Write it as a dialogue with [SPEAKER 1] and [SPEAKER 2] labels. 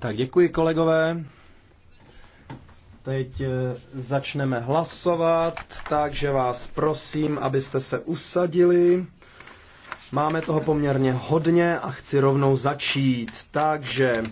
[SPEAKER 1] Tak děkuji kolegové. Teď eh, začneme hlasovat, takže vás prosím, abyste se usadili. Máme toho poměrně hodně a chci rovnou začít. Takže